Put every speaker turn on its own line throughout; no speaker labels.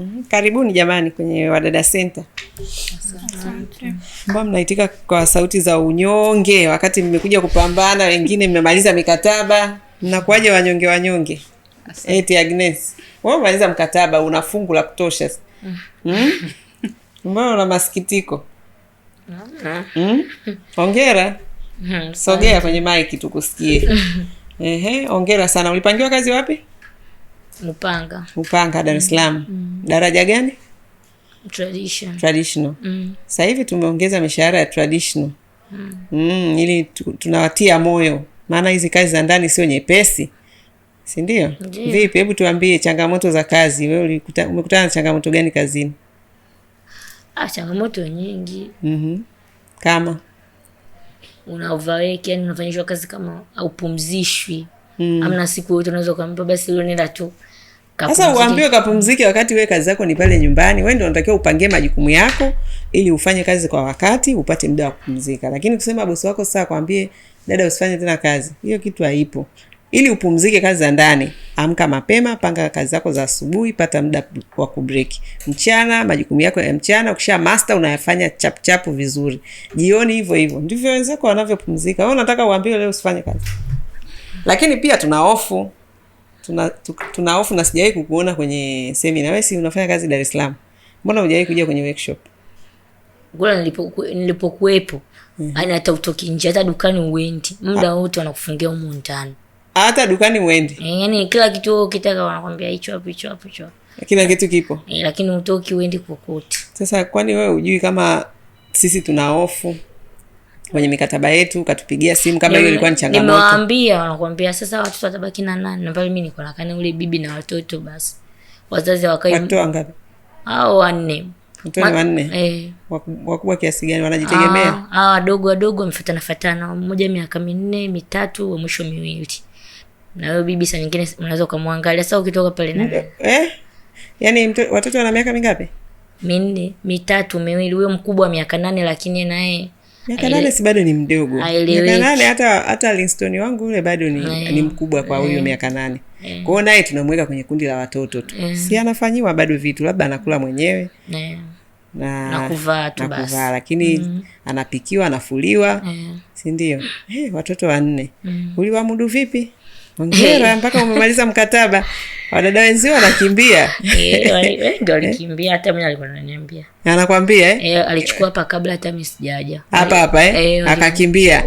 Mm-hmm. Karibuni jamani kwenye Wadada Center. Mbona mnaitika kwa sauti za unyonge wakati mmekuja kupambana, wengine mmemaliza mikataba, mnakuwaje wanyonge wanyonge? Eti Agnes, wewe umaliza mkataba una fungu la kutosha. Mm? Mbona una masikitiko? ongera hmm? Hongera. Sogea kwenye mic tukusikie. Ehe, hongera sana. Ulipangiwa kazi wapi?
Upanga,
Upanga, Dar es Salaam. Mm. mm. daraja gani?
Traditional.
Traditional. Mm. Sasa hivi tumeongeza mishahara ya traditional mm. Mm, ili tu, tunawatia moyo, maana hizi kazi za ndani sio nyepesi, si ndio? Vipi, hebu tuambie changamoto za kazi. Wewe umekutana na changamoto gani kazini?
Ah, changamoto nyingi. mm -hmm. Kama una overwork, yani unafanyishwa kazi kama haupumzishwi mm. amna siku yote unaweza ukampa basi wewe nenda tu
sasa uambiwe kapumzike, wakati wewe kazi zako ni pale nyumbani. Wewe ndio unatakiwa upangie majukumu yako ili ufanye kazi kwa wakati, upate muda wa kupumzika. Lakini kusema bosi wako sasa kwambie dada, usifanye tena kazi, hiyo kitu haipo. Ili upumzike kazi za ndani, amka mapema, panga kazi zako za asubuhi, pata muda wa kubreak. Mchana majukumu yako ya mchana ukisha master unayafanya chap chap vizuri. Jioni hivyo hivyo, ndivyo wenzako wanavyopumzika. Wewe unataka uambiwe leo usifanye kazi? Lakini pia tuna hofu tuna, tuna hofu na sijawahi kukuona kwenye semina. Wewe si unafanya kazi Dar es Salaam, mbona hujawahi kuja kwenye workshop?
Ngoja nilipokuwepo nilipo mm -hmm. Yaani hata utoki nje, hata dukani uendi, muda ah. wote wanakufungia humu ndani,
hata dukani uendi.
Eh, yaani kila kitu ukitaka wanakwambia hicho hapo, hicho hapo, hicho
kila kitu kipo
e, lakini utoki uendi kokote.
Sasa kwani wewe ujui kama sisi tuna hofu kwenye mikataba yetu, katupigia simu kama hiyo ilikuwa ni changamoto.
Nimewaambia, wanakuambia sasa watoto watabaki na nani? Na Nambali mimi niko na kani ule bibi na watoto basi. Wazazi wakai Watoto wangapi? Hao wanne.
Watoto Ma... wanne. Eh. Wakubwa kiasi gani wanajitegemea?
Ah, wadogo wadogo wamefuatana fatana. Mmoja miaka minne, mitatu, wa mwisho miwili. Na wewe bibi saa nyingine unaweza ukamwangalia sasa ukitoka pale na.
Eh? Yaani watoto wana miaka mingapi?
Minne, mitatu, miwili. Huyo mkubwa miaka nane lakini naye
miaka nane si bado ni mdogo, miaka nane hata hata linston wangu yule bado ni, eh. ni mkubwa kwa huyo eh. miaka nane. Eh. Kwa hiyo naye tunamweka kwenye kundi la watoto tu, si anafanyiwa bado vitu, labda anakula mwenyewe na, na
kuvaa tu basi,
lakini mm. anapikiwa, anafuliwa, si ndio? Hey, watoto wanne mm. uliwamudu vipi? ongera hey. Mpaka umemaliza mkataba. Wadada wenzio wanakimbia
eh, wengi, eh. walikimbia hata alikuwa
anakwambia eh?
eh? alichukua hapa kabla hata mi sijaja
hapa hapa eh? akakimbia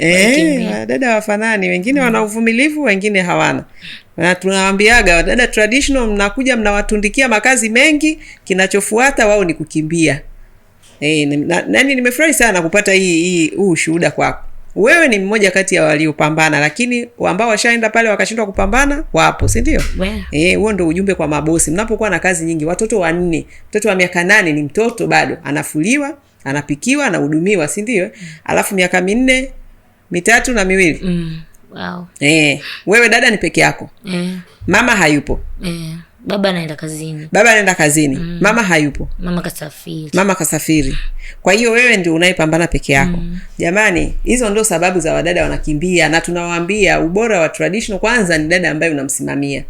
eh. Wadada wafanani, wengine mm. wana uvumilivu, wengine hawana na tunawambiaga wadada traditional, mnakuja mnawatundikia makazi mengi, kinachofuata wao ni kukimbia. E, nani nimefurahi sana kupata hii hii huu ushuhuda kwako wewe ni mmoja kati ya waliopambana, lakini ambao washaenda pale wakashindwa kupambana wapo, si ndio? Eh, huo ndo ujumbe kwa mabosi. Mnapokuwa na kazi nyingi, watoto wanne, mtoto wa miaka nane ni mtoto bado, anafuliwa, anapikiwa, anahudumiwa, si ndio? Alafu miaka minne mitatu na miwili mm. Wow. Eh, wewe dada ni peke yako mm. mama hayupo mm.
Baba anaenda kazini,
baba anaenda kazini mm. Mama hayupo,
mama kasafiri,
mama kasafiri. Kwa hiyo wewe ndio unayepambana peke yako mm. Jamani, hizo ndio sababu za wadada wanakimbia, na tunawaambia ubora wa traditional kwanza ni dada ambaye unamsimamia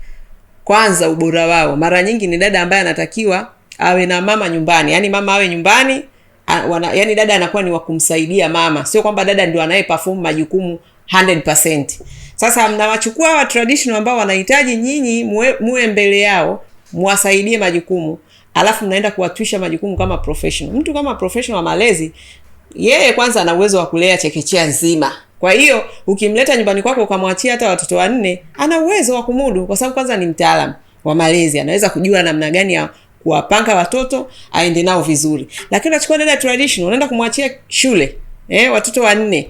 kwanza, ubora wao mara nyingi ni dada ambaye anatakiwa awe na mama nyumbani, yaani mama awe nyumbani a, wana, yani dada anakuwa ni wa kumsaidia mama, sio kwamba dada ndio anayeperform majukumu 100%. Sasa mnawachukua hawa traditional ambao wanahitaji nyinyi muwe mbele yao, mwasaidie majukumu, alafu mnaenda kuwatwisha majukumu kama professional. Mtu kama professional wa malezi, yeye kwanza ana uwezo wa kulea chekechea nzima. Kwa hiyo ukimleta nyumbani kwako ukamwachia hata watoto wanne, ana uwezo wa kumudu, kwa sababu kwanza ni mtaalamu wa malezi, anaweza kujua namna gani ya kuwapanga watoto aende nao vizuri. Lakini unachukua dada traditional, unaenda kumwachia shule eh, watoto wanne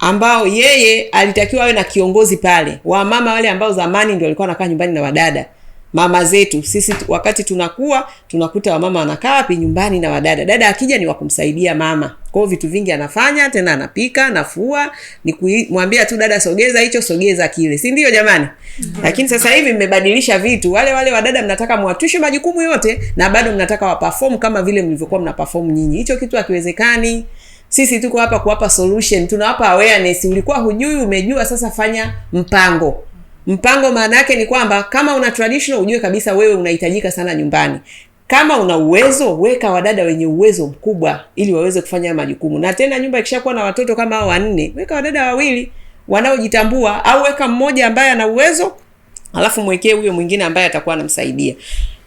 ambao yeye alitakiwa awe na kiongozi pale, wamama wale ambao zamani ndio walikuwa wanakaa nyumbani na wadada mama zetu sisi, wakati tunakuwa tunakuta wamama wanakaa wapi? Nyumbani na wadada. Dada akija ni wakumsaidia mama, kwao vitu vingi anafanya, tena anapika, nafua, ni kumwambia tu dada, sogeza hicho, sogeza kile, si ndio jamani? mm -hmm. Lakini sasa hivi mmebadilisha vitu, wale wale wadada mnataka mwatushe majukumu yote na bado mnataka wa kama vile mlivyokuwa mnaperform nyinyi. Hicho kitu hakiwezekani. Sisi tuko hapa kuwapa solution, tunawapa awareness. Ulikuwa hujui, umejua, sasa fanya mpango. Mpango maana yake ni kwamba kama una traditional, ujue kabisa wewe unahitajika sana nyumbani. Kama una uwezo, weka wadada wenye uwezo mkubwa ili waweze kufanya majukumu. Na tena nyumba ikishakuwa na watoto kama hao wanne, weka wadada wawili wanaojitambua, au weka mmoja ambaye ana uwezo, alafu mwekee huyo mwingine ambaye atakuwa anamsaidia.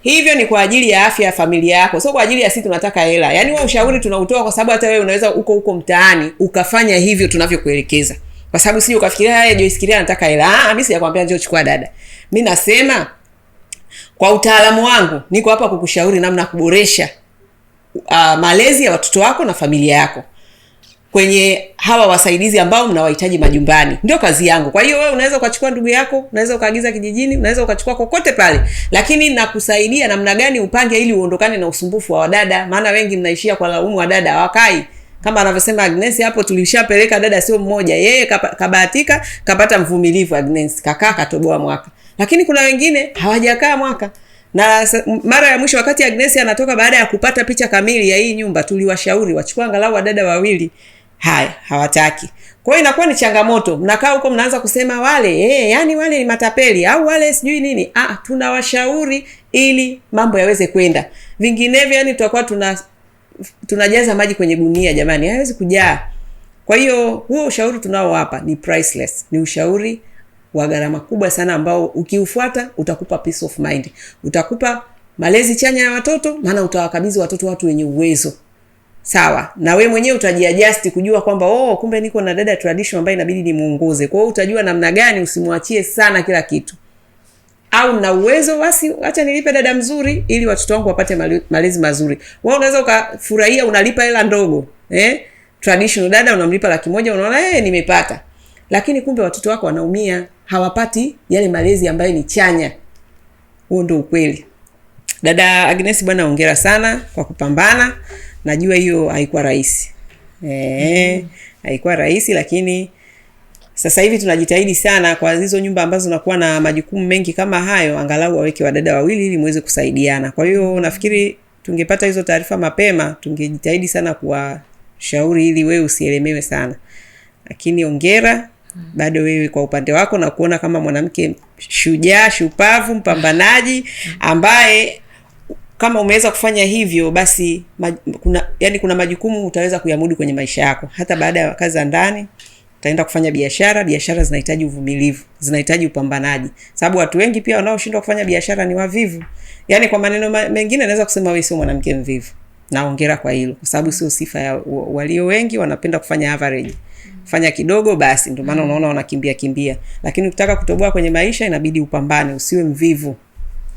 Hivyo ni kwa ajili ya afya ya familia yako, sio kwa ajili ya sisi tunataka hela. Yaani wewe ushauri tunautoa kwa sababu hata wewe unaweza uko huko mtaani ukafanya hivyo tunavyokuelekeza. Kwa sababu si ukafikiria haya Joyce anataka hela. Ah, mimi sijakwambia njoo chukua dada. Mimi nasema kwa utaalamu wangu niko hapa kukushauri namna kuboresha uh, malezi ya watoto wako na familia yako kwenye hawa wasaidizi ambao mnawahitaji majumbani, ndio kazi yangu. Kwa hiyo wewe unaweza ukachukua ndugu yako, unaweza ukaagiza kijijini, unaweza ukachukua kokote pale, lakini nakusaidia namna gani upange ili uondokane na usumbufu wa wadada, maana wengi mnaishia kwa laumu wadada wakai kama anavyosema Agnes hapo, tulishapeleka dada sio mmoja, yeye kabahatika kapata mvumilivu Agnes, kakaa katoboa mwaka, lakini kuna wengine hawajakaa mwaka. Na mara ya mwisho wakati Agnes anatoka, baada ya kupata picha kamili ya hii nyumba, tuliwashauri wachukua angalau wadada wawili haya hawataki. Kwa hiyo inakuwa ni changamoto, mnakaa huko mnaanza kusema wale eh, yani wale ni matapeli au wale sijui nini. Ah, tunawashauri ili mambo yaweze kwenda, vinginevyo yani tutakuwa tuna tunajaza maji kwenye gunia, jamani, haiwezi kujaa. Kwa hiyo huo ushauri tunao hapa ni priceless, ni ushauri wa gharama kubwa sana, ambao ukiufuata utakupa peace of mind, utakupa malezi chanya ya watoto, maana utawakabidhi watoto watu wenye uwezo sawa na we mwenyewe utajiadjust kujua kwamba oh, kumbe niko na dada tradition ambayo inabidi nimuongoze. Kwa hiyo utajua namna gani usimwachie sana kila kitu, au na uwezo basi, acha nilipe dada mzuri ili watoto wangu wapate malezi mazuri. Wewe unaweza ukafurahia, unalipa hela ndogo eh, traditional dada unamlipa laki moja, unaona eh, nimepata, lakini kumbe watoto wako wanaumia, hawapati yale malezi ambayo ni chanya. Huo ndio ukweli. Dada Agnes, bwana hongera sana kwa kupambana, najua hiyo haikuwa rahisi eh, mm haikuwa rahisi lakini sasa hivi tunajitahidi sana kwa hizo nyumba ambazo zinakuwa na majukumu mengi kama hayo, angalau waweke wadada wawili ili muweze kusaidiana. Kwa hiyo nafikiri tungepata hizo taarifa mapema, tungejitahidi sana kuwashauri ili wewe usielemewe sana. Lakini ongera bado wewe kwa upande wako na kuona kama mwanamke shujaa, shupavu, mpambanaji ambaye kama umeweza kufanya hivyo basi maj, kuna, yani kuna majukumu utaweza kuyamudu kwenye maisha yako hata baada ya kazi za ndani utaenda kufanya biashara. Biashara zinahitaji uvumilivu, zinahitaji upambanaji, sababu watu wengi pia wanaoshindwa kufanya biashara ni wavivu. Yani kwa maneno mengine naweza kusema wewe sio mwanamke mvivu, naongera kwa hilo, kwa sababu sio sifa ya walio wengi. Wanapenda kufanya average, fanya kidogo basi, ndio maana unaona wanakimbia kimbia. Lakini ukitaka kutoboa kwenye maisha, inabidi upambane, usiwe mvivu.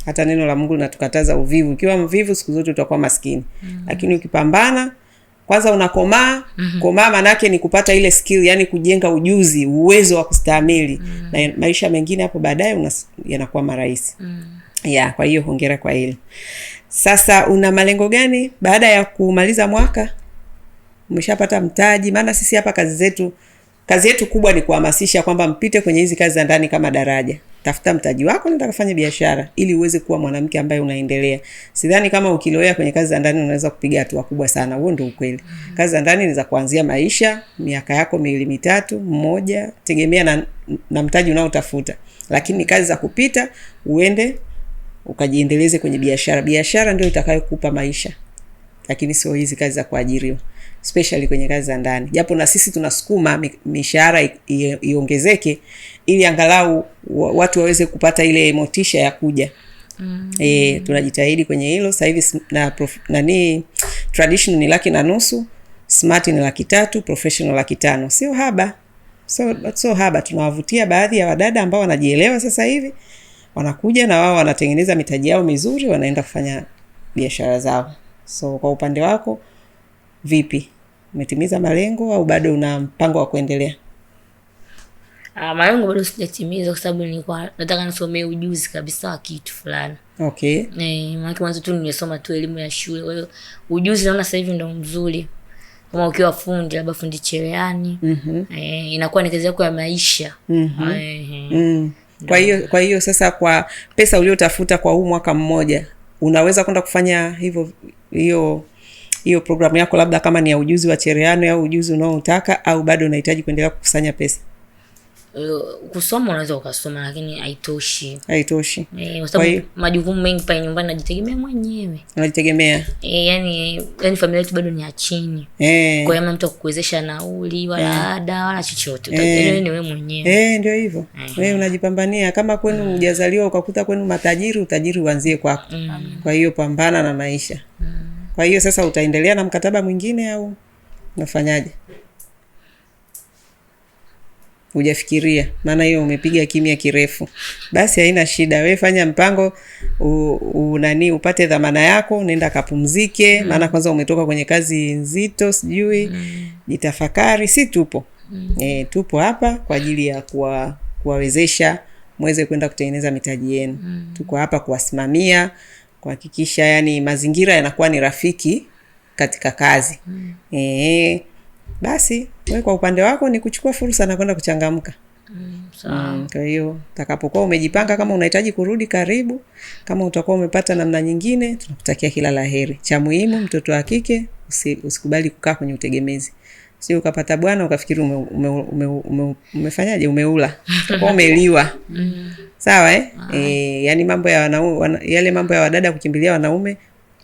Hata neno la Mungu linatukataza uvivu. Ukiwa mvivu siku zote utakuwa maskini. Mm. hmm Lakini ukipambana kwanza unakomaa. Mm -hmm. Komaa manake ni kupata ile skill, yani kujenga ujuzi, uwezo wa kustahimili. Mm. hmm Na maisha mengine hapo baadaye yanakuwa marahisi. Mm. hmm Ya, kwa hiyo hongera kwa hilo. Sasa una malengo gani baada ya kumaliza mwaka? Umeshapata mtaji? Maana sisi hapa kazi zetu, kazi yetu kubwa ni kuhamasisha kwamba mpite kwenye hizi kazi za ndani kama daraja tafuta mtaji wako, nenda kafanya biashara ili uweze kuwa mwanamke ambaye unaendelea. Sidhani kama ukilowea kwenye kazi za ndani unaweza kupiga hatua kubwa sana. Huo ndio ukweli. Mm-hmm. Kazi za ndani ni za kuanzia maisha, miaka yako miwili mitatu, mmoja, tegemea na, na mtaji unaotafuta, lakini kazi za kupita uende ukajiendeleze kwenye biashara. Biashara ndio itakayokupa maisha, lakini sio hizi kazi za kuajiriwa especially kwenye kazi za ndani, japo na sisi tunasukuma mishahara iongezeke ili angalau watu waweze kupata ile motisha ya kuja. Mm. E, tunajitahidi kwenye hilo sasa hivi na prof, nani traditional ni laki na nusu, smart ni laki tatu, professional laki tano. Sio haba. So, so haba tunawavutia baadhi ya wadada ambao wanajielewa sasa hivi wanakuja na wao wanatengeneza mitaji yao mizuri, wanaenda kufanya biashara zao. So kwa upande wako vipi, umetimiza malengo au bado una mpango wa kuendelea?
Ah, malengo um, bado sijatimiza kwa sababu nilikuwa nataka nisomee ujuzi kabisa wa kitu fulani. Okay. Eh, maana mwanzo tu nimesoma tu elimu ya shule. Kwa hiyo ujuzi naona sasa hivi ndio mzuri. Kama ukiwa fundi labda fundi cherehani. Mm -hmm. Eh, inakuwa ni kazi yako ya maisha. Mm -hmm. Eh,
mm. Kwa hiyo kwa hiyo sasa kwa pesa uliyotafuta kwa huu mwaka mmoja unaweza kwenda kufanya hivyo hiyo hiyo programu yako labda kama ni ya ujuzi wa cherehani au ujuzi unaoutaka au bado unahitaji kuendelea kukusanya pesa?
kusoma unaweza ukasoma, lakini haitoshi,
haitoshi
e, kwa sababu majukumu mengi pale nyumbani najitegemea mwenyewe,
najitegemea
e, eh, yani, yani familia yetu bado ni ya chini e. Kwa hiyo mtu akukuwezesha nauli wala e. ada wala chochote e. ni wewe mwenyewe
e, ndio hivyo e. Wewe unajipambania kama kwenu mm. mjazaliwa ukakuta kwenu matajiri, utajiri uanzie kwako mm. Kwa hiyo pambana na maisha mm. Kwa hiyo sasa utaendelea na mkataba mwingine au unafanyaje? hujafikiria, maana hiyo umepiga kimya kirefu, basi haina shida. We fanya mpango unani upate dhamana yako, nenda kapumzike mm. maana kwanza umetoka kwenye kazi nzito, sijui mm. jitafakari, si tupo mm. E, tupo hapa kwa ajili ya kuwa, kuwawezesha mweze kwenda kutengeneza mitaji yenu mm. tuko hapa kuwasimamia, kuhakikisha yani mazingira yanakuwa ni rafiki katika kazi mm. e, basi we kwa upande wako ni kuchukua fursa na kwenda kuchangamka. Mm, mm, kwa hiyo utakapokuwa umejipanga, kama unahitaji kurudi, karibu. Kama utakuwa umepata namna nyingine, tunakutakia kila la heri. Cha muhimu, mtoto wa kike usi, usikubali kukaa kwenye utegemezi, si ukapata bwana ukafikiri ume, ume, ume, ume, umefanyaje umeula kwa umeliwa mm. sawa eh? E, yani mambo ya wana, wana, yale mambo ya wadada kukimbilia wanaume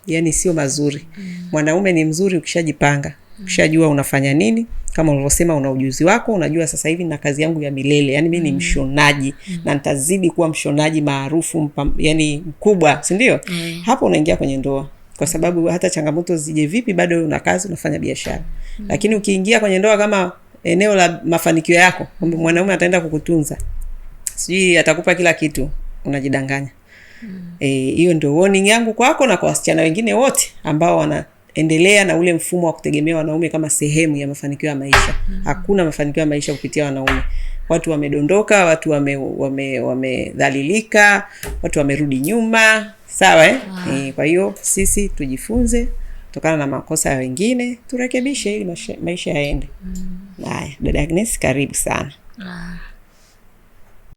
yani sio mazuri mm. Mwanaume ni mzuri ukishajipanga ushajua unafanya nini kama ulivyosema, una ujuzi wako, unajua sasa hivi na kazi yangu ya milele, yani mi ni mm. mshonaji mm. na nitazidi kuwa mshonaji maarufu, yani mkubwa, si ndio? mm. Hapo unaingia kwenye ndoa, kwa sababu hata changamoto zije vipi, bado una kazi, unafanya biashara mm. Lakini ukiingia kwenye ndoa kama eneo la mafanikio yako, kwamba mwanaume ataenda kukutunza, sijui atakupa kila kitu, unajidanganya mm. Eh, hiyo. mm. E, ndio warning yangu kwako na kwa wasichana wengine wote ambao wana endelea na ule mfumo wa kutegemea wanaume kama sehemu ya mafanikio ya maisha. Mm-hmm. Hakuna mafanikio ya maisha kupitia wanaume. Watu wamedondoka, watu wamedhalilika, wame, wame watu wamerudi nyuma, sawa eh? Wow. Ah. E, eh, kwa hiyo sisi tujifunze kutokana na makosa ya wengine turekebishe, ili maisha yaende. Mm. Haya, mm. Dada Agnes, karibu sana. Ah.